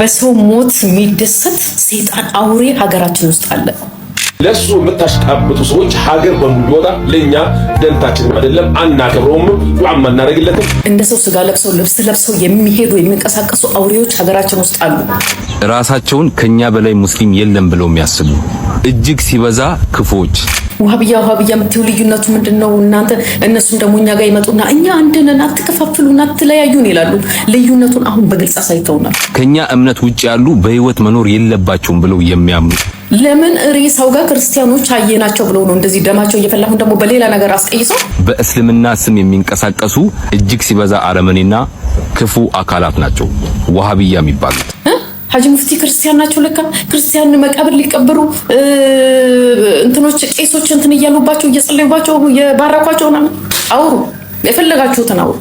በሰው ሞት የሚደሰት ሰይጣን አውሬ ሀገራችን ውስጥ አለ። ለሱ የምታሽቃብጡ ሰዎች ሀገር በሙሉ ወጣ። ለእኛ ደንታችን አይደለም፣ አናከብረውም፣ ዱዓም አናደርግለትም። እንደ ሰው ስጋ ለብሰው ልብስ ለብሰው የሚሄዱ የሚንቀሳቀሱ አውሬዎች ሀገራችን ውስጥ አሉ። ራሳቸውን ከኛ በላይ ሙስሊም የለም ብለው የሚያስቡ እጅግ ሲበዛ ክፉዎች ውሃብያ ውሃብያ የምትው ልዩነቱ ምንድን ነው? እናንተ እነሱን ደግሞ እኛ ጋር ይመጡና እኛ አንድነን አትከፋፍሉን፣ አትለያዩን ይላሉ። ልዩነቱን አሁን በግልጽ አሳይተውናል። ከኛ እምነት ውጭ ያሉ በህይወት መኖር የለባቸውም ብለው የሚያምኑ ለምን ሬሳው ጋር ክርስቲያኖች አየናቸው ብሎ ነው እንደዚህ ደማቸው እየፈላሁ ደግሞ በሌላ ነገር አስቀይሰው በእስልምና ስም የሚንቀሳቀሱ እጅግ ሲበዛ አረመኔና ክፉ አካላት ናቸው ዋሃብያ የሚባሉት። ሀጂ ሙፍቲ ክርስቲያን ናቸው። ለካ ክርስቲያን መቃብር ሊቀበሩ እንትኖች ቄሶች እንትን እያሉባቸው እየጸለዩባቸው የባረኳቸው አውሩ፣ የፈለጋችሁትን አውሩ።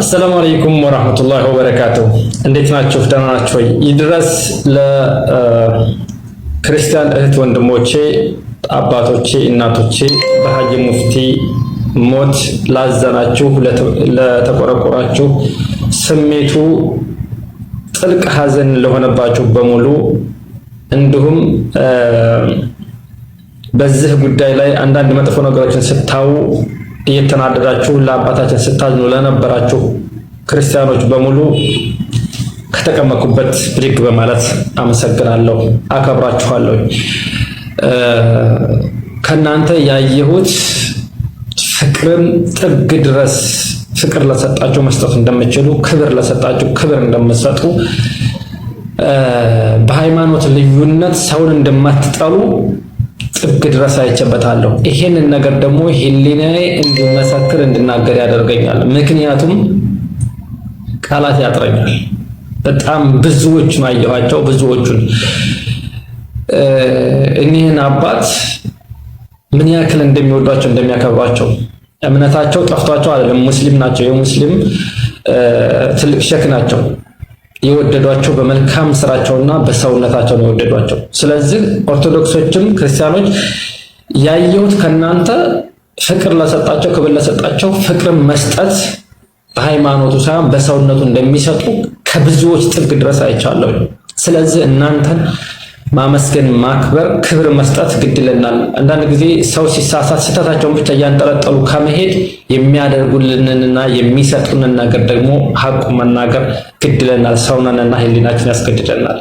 አሰላሙ አለይኩም ወራህመቱላሂ ወበረካቱ እንዴት ናችሁ? ደህና ናችሁ ወይ? ይድረስ ለክርስቲያን እህት ወንድሞቼ፣ አባቶቼ፣ እናቶቼ በሀጂ ሙፍቲ ሞት ላዘናችሁ፣ ለተቆረቆራችሁ፣ ስሜቱ ጥልቅ ሀዘን ለሆነባችሁ በሙሉ እንዲሁም በዚህ ጉዳይ ላይ አንዳንድ መጥፎ ነገሮችን ስታዩ እየተናደዳችሁ ለአባታችን ስታዝኑ ለነበራችሁ ክርስቲያኖች በሙሉ ከተቀመኩበት ብድግ በማለት አመሰግናለሁ፣ አከብራችኋለሁ። ከእናንተ ያየሁት ፍቅርን ጥግ ድረስ ፍቅር ለሰጣችሁ መስጠት እንደምችሉ፣ ክብር ለሰጣችሁ ክብር እንደምትሰጡ፣ በሃይማኖት ልዩነት ሰውን እንደማትጠሉ ጥግ ድረስ አይቼበታለሁ። ይሄንን ነገር ደግሞ ሕሊናዬ እንድመሰክር እንድናገር ያደርገኛል። ምክንያቱም ቃላት ያጥረኛል። በጣም ብዙዎቹን አየኋቸው። ብዙዎቹን እኒህን አባት ምን ያክል እንደሚወዷቸው እንደሚያከብሯቸው እምነታቸው ጠፍቷቸው አይደለም። ሙስሊም ናቸው። የሙስሊም ትልቅ ሸክ ናቸው። የወደዷቸው በመልካም ስራቸውና በሰውነታቸው ነው የወደዷቸው። ስለዚህ ኦርቶዶክሶችም ክርስቲያኖች ያየሁት ከእናንተ ፍቅር ለሰጣቸው ክብር ለሰጣቸው ፍቅርን መስጠት በሃይማኖቱ ሳይሆን በሰውነቱ እንደሚሰጡ ከብዙዎች ጥግ ድረስ አይቻለሁ። ስለዚህ እናንተን ማመስገን፣ ማክበር፣ ክብር መስጠት ግድልናል። አንዳንድ ጊዜ ሰው ሲሳሳት ስህተታቸውን ብቻ እያንጠለጠሉ ከመሄድ የሚያደርጉልንንና የሚሰጡንን ነገር ደግሞ ሀቁ መናገር ግድለናል ሰውነንና ህሊናችን ያስገድደናል።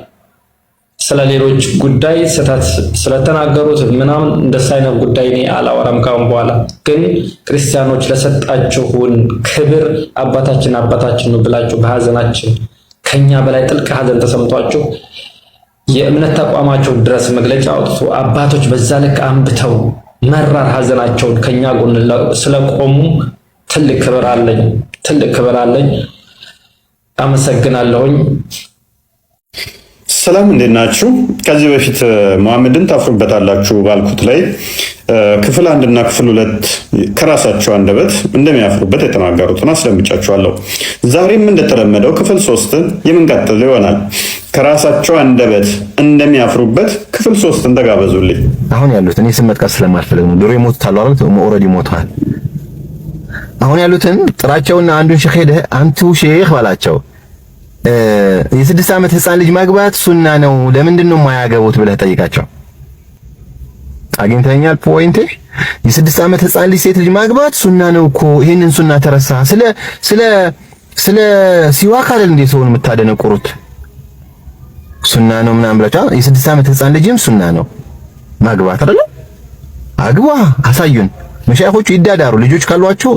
ስለ ሌሎች ጉዳይ ስህተት ስለተናገሩት ምናምን እንደሱ አይነት ጉዳይ እኔ አላወራም ካሁን በኋላ። ግን ክርስቲያኖች ለሰጣችሁን ክብር አባታችን አባታችን ነው ብላችሁ በሀዘናችን ከኛ በላይ ጥልቅ ሀዘን ተሰምቷችሁ የእምነት ተቋማቸው ድረስ መግለጫ አውጥቶ አባቶች በዛ ልክ አንብተው መራር ሀዘናቸውን ከኛ ጎን ስለቆሙ ትልቅ ክብር አለኝ፣ ትልቅ ክብር አለኝ። አመሰግናለሁኝ። ሰላም እንዴት ናችሁ? ከዚህ በፊት መሐመድን ታፍሩበታላችሁ ባልኩት ላይ ክፍል አንድ እና ክፍል ሁለት ከራሳቸው አንደበት እንደሚያፍሩበት የተናገሩትን አስደምጫችኋለሁ። ዛሬም እንደተለመደው ክፍል ሶስትን የምንቀጥል ይሆናል። ከራሳቸው አንደበት እንደሚያፍሩበት ክፍል ሶስትን ተጋበዙልኝ። አሁን ያሉት እኔ ስም መጥቀስ ስለማልፈልግ ነው። ድሮ ይሞቱት አሉ አሉት፣ ኦልሬዲ ሞቷል። አሁን ያሉትን ጥራቸውና አንዱን ሼህ ሄደህ አንቱ ሼህ ባላቸው የስድስት ዓመት ህፃን ልጅ ማግባት ሱና ነው፣ ለምንድን ነው የማያገቡት ብለህ ጠይቃቸው። አግኝተኛል ፖይንት። የስድስት ዓመት ህፃን ልጅ ሴት ልጅ ማግባት ሱና ነው እኮ ይህንን ሱና ተረሳ። ስለ ስለ ስለ ሲዋክ አይደል እንዴ ሰውን የምታደነቁሩት? ሱና ነው ምናምን ብላችሁ የስድስት ዓመት ህፃን ልጅም ሱና ነው ማግባት አይደለ? አግባ፣ አሳዩን። መሻይኮቹ ይዳዳሩ ልጆች ካሏቸው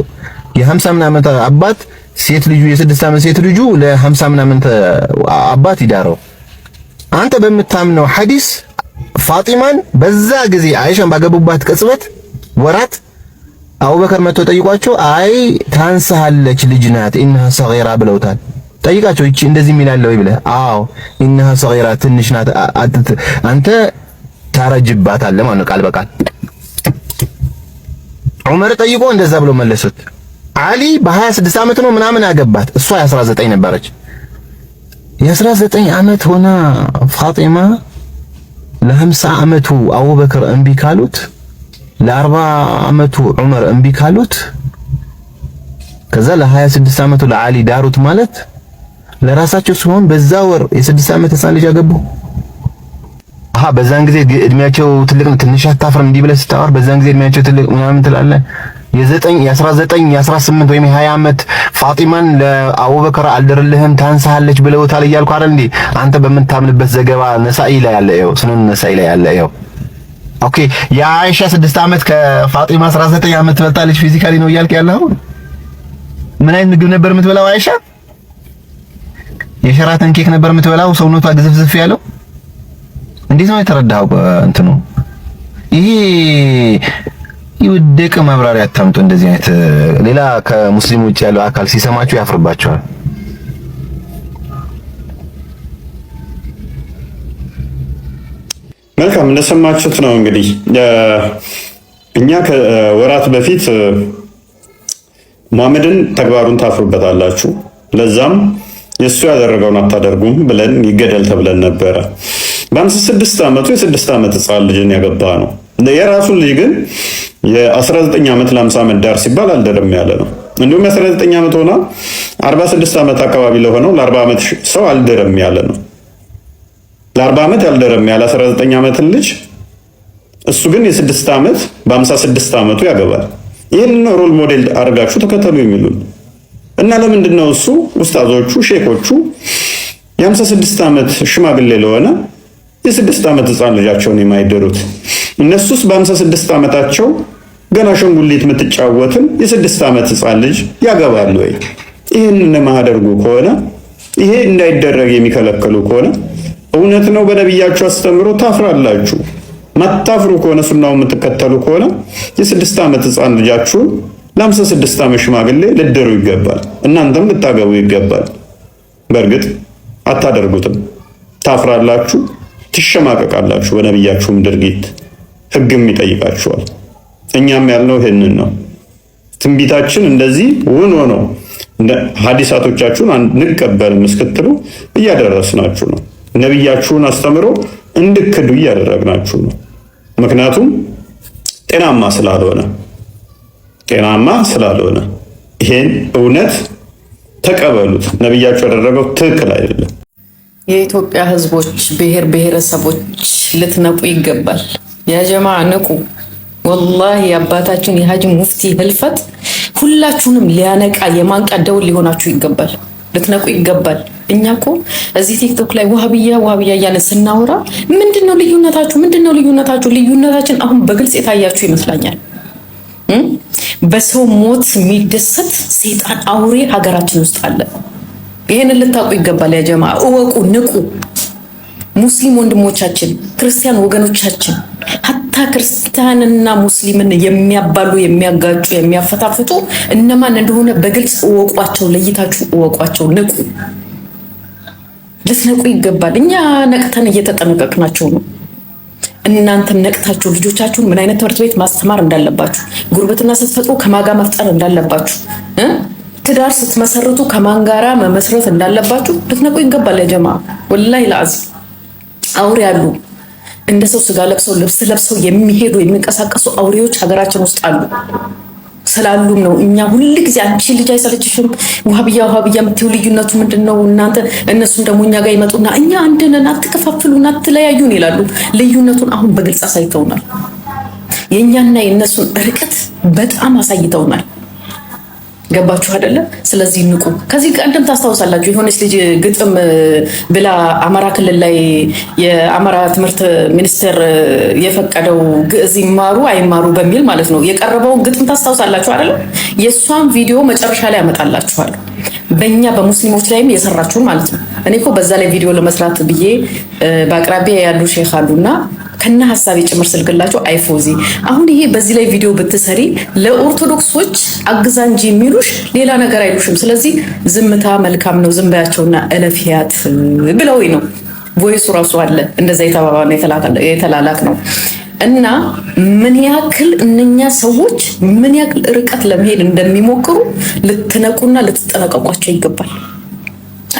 የሀምሳ ምናምን አባት ሴት ልጁ የስድስት ዓመት ሴት ልጁ ለሀምሳ ምናምን አባት ይዳረው። አንተ በምታምነው ሐዲስ ፋጢማን በዛ ጊዜ አይሻን ባገቡባት ቅጽበት ወራት አቡበከር መጥቶ ጠይቋቸው፣ አይ ታንሳለች ልጅ ናት ኢንሃ ብለውታል። ጠይቃቸው። እቺ እንደዚህ የሚላለው ይብለ አዎ ኢነሃ ሰገራ ትንሽ ናት፣ አንተ ታረጅባታለህ ማለት ነው ቃል በቃል ዑመር ጠይቆ እንደዛ ብሎ መለሱት። አሊ በ26 ዓመት ነው ምናምን አገባት። እሷ የ19 ነበረች። የ19 ዓመት ሆና ፋጢማ ለ50 ዓመቱ አቡበክር እምቢ ካሉት፣ ለ40 ዓመቱ ዑመር እምቢ ካሉት፣ ከዛ ለ26 ዓመቱ ለአሊ ዳሩት ማለት ለራሳቸው ሲሆን በዛ ወር የስድስት ዓመት ህፃን ልጅ አገቡ። አሃ በዛን ጊዜ እድሜያቸው ትልቅ ነው ትንሽ አታፍርም? እንዲህ ብለህ ስታወር በዛን ጊዜ እድሜያቸው ትልቅ ምናምን ትላለህ። የዘጠኝ የአስራ ዘጠኝ የአስራ ስምንት ወይም የሀያ ዓመት ፋጢማን ለአቡበከር አልደርልህም ታንሳሃለች ብለውታል እያልኩ አይደል እንዴ? አንተ በምታምንበት ዘገባ ነሳኢ ላይ ያለ ይኸው፣ ስነ ነሳኢ ላይ ያለ ይኸው። ኦኬ የአይሻ ስድስት ዓመት ከፋጢማ አስራ ዘጠኝ ዓመት ትበልጣለች ፊዚካሊ ነው እያልክ ያለኸው። ምን አይነት ምግብ ነበር የምትበላው አይሻ? የሸራተን ኬክ ነበር የምትበላው። ሰውነቷ ግዝፍዝፍ ያለው እንዴት ነው የተረዳኸው? እንትኑ ይሄ ይውደቅ ማብራሪያ አታምጡ። እንደዚህ አይነት ሌላ ከሙስሊም ውጭ ያለው አካል ሲሰማችሁ ያፍርባቸዋል። መልካም እንደሰማችሁት ነው እንግዲህ እኛ ከወራት በፊት ሙሐመድን ተግባሩን ታፍሩበታላችሁ ለዛም የእሱ ያደረገውን አታደርጉም ብለን ይገደል ተብለን ነበረ። በአምስት ስድስት ዓመቱ የስድስት ዓመት ህፃን ልጅን ያገባ ነው። የራሱን ልጅ ግን የ19 ዓመት ለ50 ዓመት ዳር ሲባል አልደርም ያለ ነው። እንዲሁም የ19 ዓመት ሆና 46 ዓመት አካባቢ ለሆነው ለ40 ዓመት ሰው አልደርም ያለ ነው። ለ40 ዓመት ያልደርም ያለ 19 ዓመትን ልጅ እሱ ግን የ6 ዓመት በ56 ዓመቱ ያገባል። ይህንን ሮል ሞዴል አድርጋችሁ ተከተሉ የሚሉን እና ለምንድን ነው እሱ ውስጣዞቹ ሼኮቹ የ56 ዓመት ሽማግሌ ለሆነ የስድስት ዓመት ህፃን ልጃቸውን የማይደሩት? እነሱስ በ56 ዓመታቸው ገና ሸንጉሊት የምትጫወትን የስድስት ዓመት ህፃን ልጅ ያገባሉ ወይ? ይህንን የማያደርጉ ከሆነ ይሄ እንዳይደረግ የሚከለከሉ ከሆነ እውነት ነው በነቢያችሁ አስተምሮ ታፍራላችሁ። ማታፍሩ ከሆነ ሱናው የምትከተሉ ከሆነ የስድስት ዓመት ህፃን ልጃችሁን ለሀምሳ ስድስት ዓመት ሽማግሌ ልደሩ ይገባል። እናንተም ልታገቡ ይገባል። በእርግጥ አታደርጉትም። ታፍራላችሁ፣ ትሸማቀቃላችሁ። በነቢያችሁም ድርጊት ህግም ይጠይቃችኋል። እኛም ያልነው ይህንን ነው። ትንቢታችን እንደዚህ ውኖ ነው። ሀዲሳቶቻችሁን አንቀበልም እስክትሉ እያደረስናችሁ ነው። ነቢያችሁን አስተምሮ እንድክዱ እያደረግናችሁ ነው። ምክንያቱም ጤናማ ስላልሆነ ጤናማ ስላልሆነ ይሄን እውነት ተቀበሉት። ነብያቸው ያደረገው ትክክል አይደለም። የኢትዮጵያ ህዝቦች ብሔር ብሔረሰቦች ልትነቁ ይገባል። ያጀማ ንቁ። ወላሂ የአባታችን የሀጂ ሙፍቲ ህልፈት ሁላችሁንም ሊያነቃ የማንቃ ደውል ሊሆናችሁ ይገባል። ልትነቁ ይገባል። እኛ እኮ እዚህ ቲክቶክ ላይ ዋህብያ ዋህብያ እያለ ስናወራ ምንድን ነው ልዩነታችሁ? ምንድን ነው ልዩነታችሁ? ልዩነታችን አሁን በግልጽ የታያችሁ ይመስላኛል። በሰው ሞት የሚደሰት ሰይጣን አውሬ ሀገራችን ውስጥ አለ። ይህንን ልታውቁ ይገባል። ያ ጀማ እወቁ፣ ንቁ። ሙስሊም ወንድሞቻችን፣ ክርስቲያን ወገኖቻችን ሀታ ክርስቲያንና ሙስሊምን የሚያባሉ የሚያጋጩ፣ የሚያፈታፍጡ እነማን እንደሆነ በግልጽ እወቋቸው፣ ለይታችሁ እወቋቸው፣ ንቁ። ልትነቁ ይገባል። እኛ ነቅተን እየተጠነቀቅናቸው ነው። እናንተም ነቅታችሁ ልጆቻችሁን ምን አይነት ትምህርት ቤት ማስተማር እንዳለባችሁ፣ ጉርብትና ስትፈጥሩ ከማጋ መፍጠር እንዳለባችሁ፣ ትዳር ስትመሰርቱ ከማንጋራ መመስረት እንዳለባችሁ ልትነቁ ይገባል። ጀማ ወላይ ለአዝ አውሬ አሉ። እንደ ሰው ስጋ ለብሰው ልብስ ለብሰው የሚሄዱ የሚንቀሳቀሱ አውሬዎች ሀገራችን ውስጥ አሉ። ስላሉም ነው እኛ ሁል ጊዜ አንቺ ልጅ አይሰለችሽም? ውሃብያ ውሃብያ የምትይው ልዩነቱ ምንድን ነው? እናንተ እነሱን ደግሞ እኛ ጋር ይመጡና እኛ አንድ ነን፣ አትከፋፍሉን፣ አትለያዩን ይላሉ። ልዩነቱን አሁን በግልጽ አሳይተውናል። የእኛና የእነሱን ርቀት በጣም አሳይተውናል። ገባችሁ አይደለም? ስለዚህ ንቁ። ከዚህ ቀደም ታስታውሳላችሁ የሆነች ልጅ ግጥም ብላ አማራ ክልል ላይ የአማራ ትምህርት ሚኒስቴር የፈቀደው ግዕዝ ይማሩ አይማሩ በሚል ማለት ነው የቀረበውን ግጥም ታስታውሳላችሁ አይደለም? የእሷን ቪዲዮ መጨረሻ ላይ ያመጣላችኋል። በእኛ በሙስሊሞች ላይም የሰራችሁን ማለት ነው። እኔ እኮ በዛ ላይ ቪዲዮ ለመስራት ብዬ በአቅራቢያ ያሉ ሼክ አሉና ከነ ሀሳብ የጭምር ስልክላቸው አይፎዚ አሁን ይሄ በዚህ ላይ ቪዲዮ ብትሰሪ ለኦርቶዶክሶች አግዛ እንጂ የሚሉሽ ሌላ ነገር አይሉሽም። ስለዚህ ዝምታ መልካም ነው፣ ዝም በያቸውና እለፊያት ብለው ነው። ቮይሱ ራሱ አለ እንደዛ የተባባ የተላላክ ነው እና ምን ያክል እነኛ ሰዎች ምን ያክል ርቀት ለመሄድ እንደሚሞክሩ ልትነቁና ልትጠነቀቋቸው ይገባል።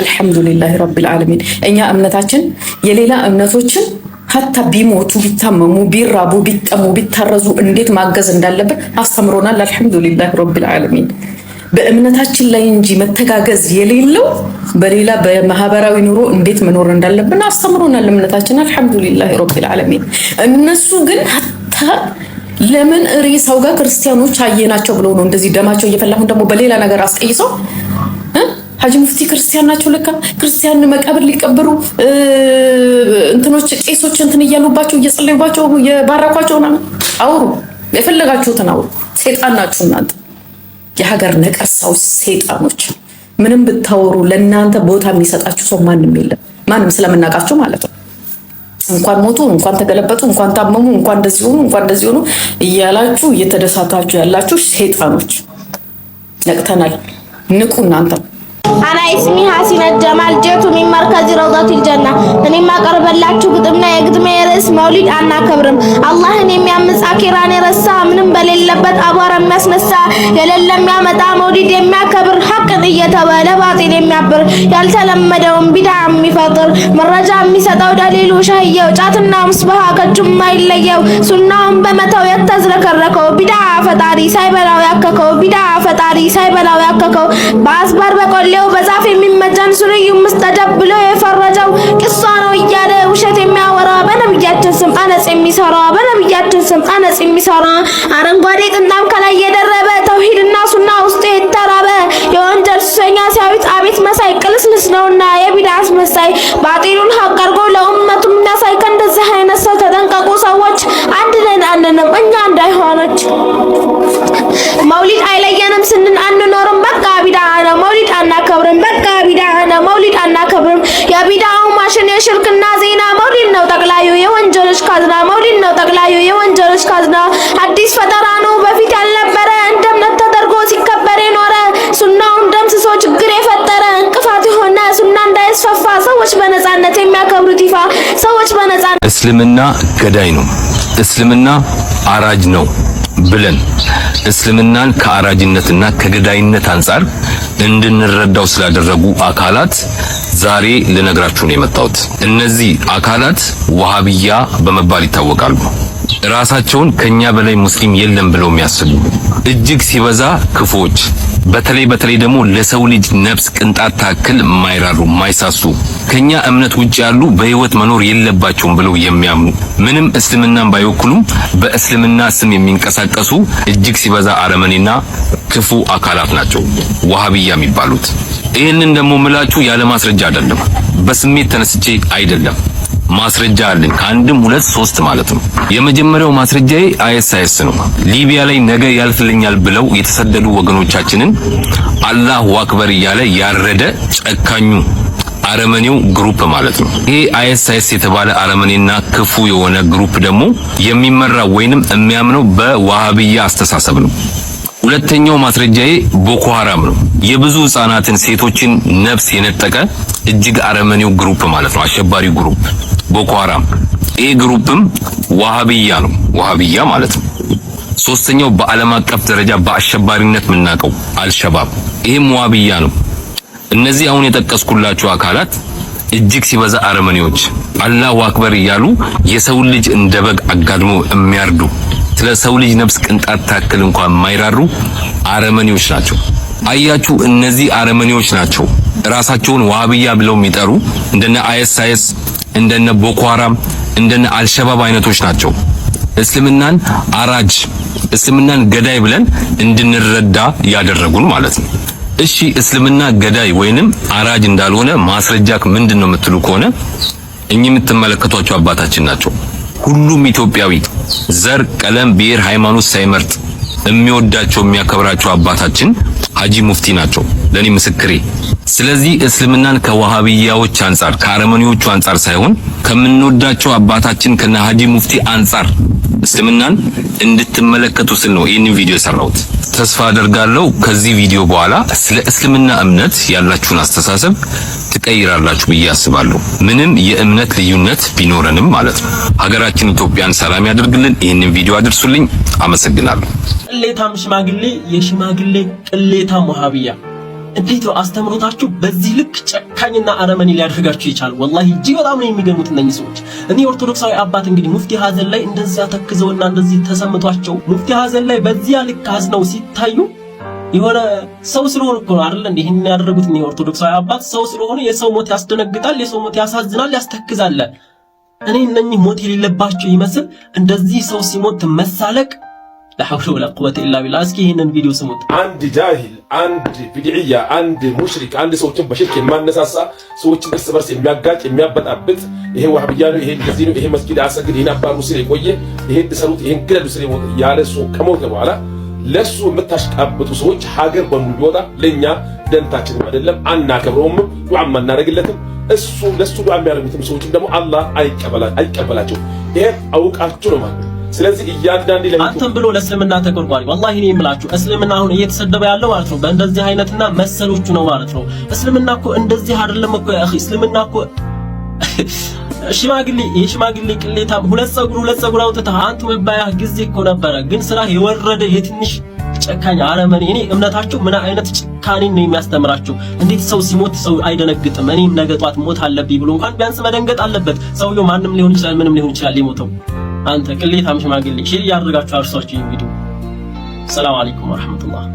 አልሐምዱሊላህ ረቢል ዓለሚን እኛ እምነታችን የሌላ እምነቶችን ሀታ ቢሞቱ ቢታመሙ ቢራቡ ቢጠሙ ቢታረዙ እንዴት ማገዝ እንዳለብን አስተምሮናል። አልሐምዱሊላህ ረብል ዓለሚን። በእምነታችን ላይ እንጂ መተጋገዝ የሌለው በሌላ በማህበራዊ ኑሮ እንዴት መኖር እንዳለብን አስተምሮናል እምነታችን። አልሐምዱሊላህ ረብል ዓለሚን። እነሱ ግን ሀታ ለምን ሬሳው ጋር ክርስቲያኖች አየናቸው ብለው ነው እንደዚህ ደማቸው እየፈላሁን ደግሞ በሌላ ነገር አስቀይሰው ሀጂ ሙፍቲ ክርስቲያን ናቸው። ለካ ክርስቲያን መቃብር ሊቀብሩ እንትኖች ቄሶች እንትን እያሉባቸው እየጸለዩባቸው የባረኳቸው ና አውሩ፣ የፈለጋችሁትን አውሩ። ሴጣን ናችሁ እናንተ የሀገር ነቀርሳው ሴጣኖች። ምንም ብታወሩ ለእናንተ ቦታ የሚሰጣችሁ ሰው ማንም የለም። ማንም ስለምናቃቸው ማለት ነው። እንኳን ሞቱ፣ እንኳን ተገለበጡ፣ እንኳን ታመሙ፣ እንኳን እንደዚህ ሆኑ፣ እንኳን እንደዚህ ሆኑ እያላችሁ እየተደሳታችሁ ያላችሁ ሴጣኖች። ነቅተናል፣ ንቁ እናንተም አና ኢስሚ ሀሲነት ጀማል ጀቱ ሚን መርከዚ ረውዳቲል ጀና። እኔም አቀርበላችሁ ግጥምና የግጥሜ ርዕስ መውሊድ አናከብርም። አላህን የሚያምጽ አኪራን የረሳ ምንም በሌለበት አቧራ የሚያስነሳ የሌለ የሚያመጣ መውሊድ የሚያከብር ሐቅን እየተባለ ባጢል የሚያብር ያልተለመደውን ቢዳ የሚፈጥር መረጃ የሚሰጠው ደሊሉ ሸህየው ጫትና ምስባሃ ከእጁ የማይለየው ሱናውን በመተው የተዝረከረከው ፈጣሪ ሳይበላው ያከከው ቢዳ ፈጣሪ ሳይበላው ያከከው በአስባር በቆሌው በዛፍ የሚመጀን ሱሪዩ ምስተደብ ብሎ የፈረጀው ቅሷ ነው እያለ ውሸት የሚያወራ በነብያችን ስም አነጽ የሚሰራ በነብያችን ስም አነጽ የሚሰራ አረንጓዴ ጥምጣም ከላይ የደረበ ተውሂድና ሱና ውስጥ የተራበ የወንጀል ሱሰኛ ሲያዩት አቤት መሳይ ቅልስልስ ነውና የቢዳ አስመሳይ ባጢሉን ሀቅ አድርጎ ለኡመቱ የሚያሳይ ከእንደዚህ አይነት ሰው ተጠንቀቁ ሰዎች አንድ ነን አንንም እኛ እንዳይሆነች መውሊድ አይለየንም ስንል አንኖርም። በቃ ቢዳ መውሊድ አናከብርም። በቃ ቢዳ መውሊድ አናከብርም። የቢዳው ማሽን የሽርክና ዜና መውሊድ ነው ጠቅላዩ የወንጀሎች ካዝና መውሊድ ነው ጠቅላዩ የወንጀሎች ካዝና አዲስ ፈጠራ ነው በፊት ያልነበረ እንደ እምነት ተደርጎ ሲከበር የኖረ ሱናውን ደምስሶ ችግር የፈጠረ እንቅፋት የሆነ ሱና እንዳይስፋፋ ሰዎች በነጻነት የሚያከብሩት ይፋ ሰዎች በነጻነት እስልምና ገዳይ ነው። እስልምና አራጅ ነው ብለን እስልምናን ከአራጅነትና ከገዳይነት አንጻር እንድንረዳው ስላደረጉ አካላት ዛሬ ልነግራችሁ ነው የመጣሁት። እነዚህ አካላት ወሃብያ በመባል ይታወቃሉ። ራሳቸውን ከኛ በላይ ሙስሊም የለም ብለው የሚያስቡ እጅግ ሲበዛ ክፉዎች፣ በተለይ በተለይ ደግሞ ለሰው ልጅ ነፍስ ቅንጣት ታክል ማይራሩ ማይሳሱ፣ ከኛ እምነት ውጭ ያሉ በህይወት መኖር የለባቸውም ብለው የሚያምኑ ምንም እስልምናን ባይወክሉም በእስልምና ስም የሚንቀሳቀሱ እጅግ ሲበዛ አረመኔና ክፉ አካላት ናቸው ዋሃብያ የሚባሉት። ይህንን ደግሞ ምላችሁ ያለ ማስረጃ አይደለም፣ በስሜት ተነስቼ አይደለም። ማስረጃ አለኝ ከአንድም ሁለት ሶስት ማለት ነው። የመጀመሪያው ማስረጃዬ አይኤስአይኤስ ነው። ሊቢያ ላይ ነገ ያልፍልኛል ብለው የተሰደዱ ወገኖቻችንን አላሁ አክበር እያለ ያረደ ጨካኙ አረመኔው ግሩፕ ማለት ነው። ይሄ አይኤስአይኤስ የተባለ አረመኔና ክፉ የሆነ ግሩፕ ደግሞ የሚመራ ወይንም የሚያምነው በዋሃብያ አስተሳሰብ ነው። ሁለተኛው ማስረጃዬ ቦኮ ሀራም ነው። የብዙ ህጻናትን፣ ሴቶችን ነፍስ የነጠቀ እጅግ አረመኔው ግሩፕ ማለት ነው። አሸባሪው ግሩፕ ቦኮ ሀራም። ይህ ግሩፕም ዋሃብያ ነው፣ ዋሃብያ ማለት ነው። ሶስተኛው በዓለም አቀፍ ደረጃ በአሸባሪነት የምናውቀው አልሸባብ፣ ይህም ዋሃብያ ነው። እነዚህ አሁን የጠቀስኩላችሁ አካላት እጅግ ሲበዛ አረመኔዎች፣ አላሁ አክበር እያሉ የሰውን ልጅ እንደ በግ አጋድሞ የሚያርዱ ስለ ሰው ልጅ ነፍስ ቅንጣት ታክል እንኳን የማይራሩ አረመኔዎች ናቸው። አያችሁ፣ እነዚህ አረመኔዎች ናቸው ራሳቸውን ዋብያ ብለው የሚጠሩ እንደነ አይኤስአይኤስ እንደነ ቦኮ እንደነ አልሸባብ አይነቶች ናቸው። እስልምናን አራጅ እስልምናን ገዳይ ብለን እንድንረዳ ያደረጉን ማለት ነው። እሺ እስልምና ገዳይ ወይንም አራጅ እንዳልሆነ ማስረጃክ ምንድን ነው የምትሉ ከሆነ እኚህ የምትመለከቷቸው አባታችን ናቸው። ሁሉም ኢትዮጵያዊ ዘር፣ ቀለም፣ ብሔር፣ ሃይማኖት ሳይመርጥ የሚወዳቸው የሚያከብራቸው አባታችን ሀጂ ሙፍቲ ናቸው። ለኔ ምስክሬ። ስለዚህ እስልምናን ከዋሃብያዎች አንጻር ከአረመኔዎቹ አንጻር ሳይሆን ከምንወዳቸው አባታችን ከነ ሀጂ ሙፍቲ አንጻር እስልምናን እንድትመለከቱ ስል ነው ይህንን ቪዲዮ የሰራሁት። ተስፋ አደርጋለሁ ከዚህ ቪዲዮ በኋላ ስለ እስልምና እምነት ያላችሁን አስተሳሰብ ትቀይራላችሁ ብዬ አስባለሁ። ምንም የእምነት ልዩነት ቢኖረንም ማለት ነው። ሀገራችን ኢትዮጵያን ሰላም ያደርግልን። ይህንን ቪዲዮ አድርሱልኝ። አመሰግናለሁ። ቅሌታም ሽማግሌ፣ የሽማግሌ ቅሌታም ወሃብያ እንዴት ነው አስተምሮታችሁ በዚህ ልክ ጨካኝና አረመኔ ሊያደርጋችሁ ይቻላል ወላሂ እጅግ በጣም ነው የሚገርሙት እነኚህ ሰዎች። እኔ ኦርቶዶክሳዊ አባት እንግዲህ ሙፍቲ ሀዘን ላይ እንደዚያ ተክዘውና እንደዚህ ተሰምቷቸው ሙፍቲ ሀዘን ላይ በዚያ ልክ አዝነው ሲታዩ የሆነ ሰው ስለሆነ እኮ አይደል እንዴ ይሄን ያደረጉት? እኔ ኦርቶዶክሳዊ አባት ሰው ስለሆነ የሰው ሞት ያስደነግጣል፣ የሰው ሞት ያሳዝናል፣ ያስተክዛል። እኔ እነኚህ ሞት የሌለባቸው ይመስል እንደዚህ ሰው ሲሞት መሳለቅ ለሐውል ወላ ቁወት ኢላ ቢላ። እስኪ ይህንን ቪዲዮ ስሙት። አንድ ጃሂል፣ አንድ ቢድዕያ፣ አንድ ሙሽሪክ፣ አንድ ሰዎችን በሽርክ የማነሳሳ ሰዎችን እርስ በርስ የሚያጋጭ የሚያበጣብጥ ይሄ ዋህብያ ነው፣ ይሄ እንደዚህ ነው፣ ይሄ መስጊድ አሰግድ፣ ይሄን አባሩ ስል የቆየ ይሄን ሰሩት፣ ይሄን ክለሉ ስል ያለ እሱ ከሞተ በኋላ ለእሱ የምታሽቃብጡ ሰዎች ሀገር በሙሉ ቢወጣ ለእኛ ደንታችንም አይደለም፣ አናከብረውም፣ ዱዓም አናደርግለትም። እሱ ለእሱ ዱዓ የሚያደርጉትም ሰዎችም ደግሞ አላህ አይቀበላቸውም። ይሄ አውቃችሁ ነው ማለት ስለዚህ እያንዳንዱ ላይ አንተም ብሎ ለእስልምና ተቆርቋሪ والله እኔ የምላችሁ እስልምና አሁን እየተሰደበ ያለው ማለት ነው በእንደዚህ አይነትና መሰሎቹ ነው ማለት ነው። እስልምና እኮ እንደዚህ አይደለም እኮ ያኺ እስልምና እኮ ሽማግሌ የሽማግሌ ቅሌታ ሁለት ፀጉር ሁለት ፀጉር አውጥተህ አንተ መባያህ ጊዜ እኮ ነበረ። ግን ስራ የወረደ የትንሽ ጨካኝ አረመኔ። እኔ እምነታቸው ምን አይነት ጭካኔ ነው የሚያስተምራቸው? እንዴት ሰው ሲሞት ሰው አይደነግጥም? እኔም ነገ ጧት ሞት አለብኝ ብሎ እንኳን ቢያንስ መደንገጥ አለበት ሰውየው። ማንም ሊሆን ይችላል፣ ምንም ሊሆን ይችላል ሊሞተው አንተ ቅሌታም ሽማግሌ ሼር እያደረጋችሁ አርሷችሁ ይሄ ሰላም አለይኩም ወራህመቱላህ